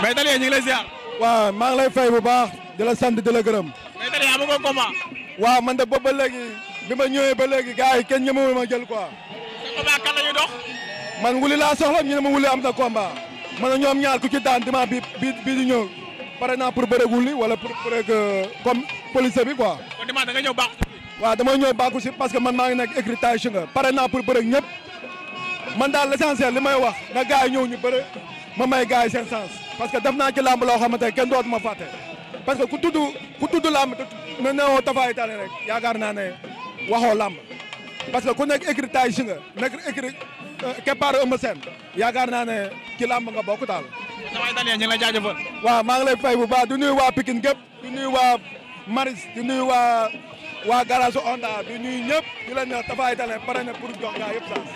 mais Dalia ñu ngi lay ziar. waaw maa ngi lay fay bu baax di la sant di la gërëm. mais Dalia amu ko combat. waa man de boobu ba léegi bi ma ñëwee ba léegi gars yi kenn ñemewul ma jël quoi. sa combat kan la ñuy dox. man wuli laa soxla ñu ne ma wuli am na combat. ma ne ñoom ñaar ku ci daan dima bi bi bii di ñëw pare naa pour bëreeg wuli wala pour bëreeg comme police bi quoi. kon dima da nga ñëw baax. waaw dama ñëw baaxu si parce que man maa ngi nekk écritage nga pare naa pour bëreeg ñëpp man daal l'essentiel li may wax na gars ñëw ñu bëre ma may gars yi seen parce que def naa ci làmb loo xamante ne kenn dootu ma parce que ku tudd ku tudd làmb ne newoo Tapha Tine rek yaakaar naa ne waxoo lamb parce que ku nekk écrit tay si nga nekk écrit euh, keppaar ëmb seen yaakaar naa ne ci làmb nga bokk daal. Tapha Tine ñu ngi lay jaajëfal. waaw maa ngi lay fay bu baax du nuyu waa Pikine gépp du nuyu waa Maris du nuyu waa waa garage Honda du nuyu ñëpp di la ñëw Tapha Tine pare na pour jox gaa yëpp sax.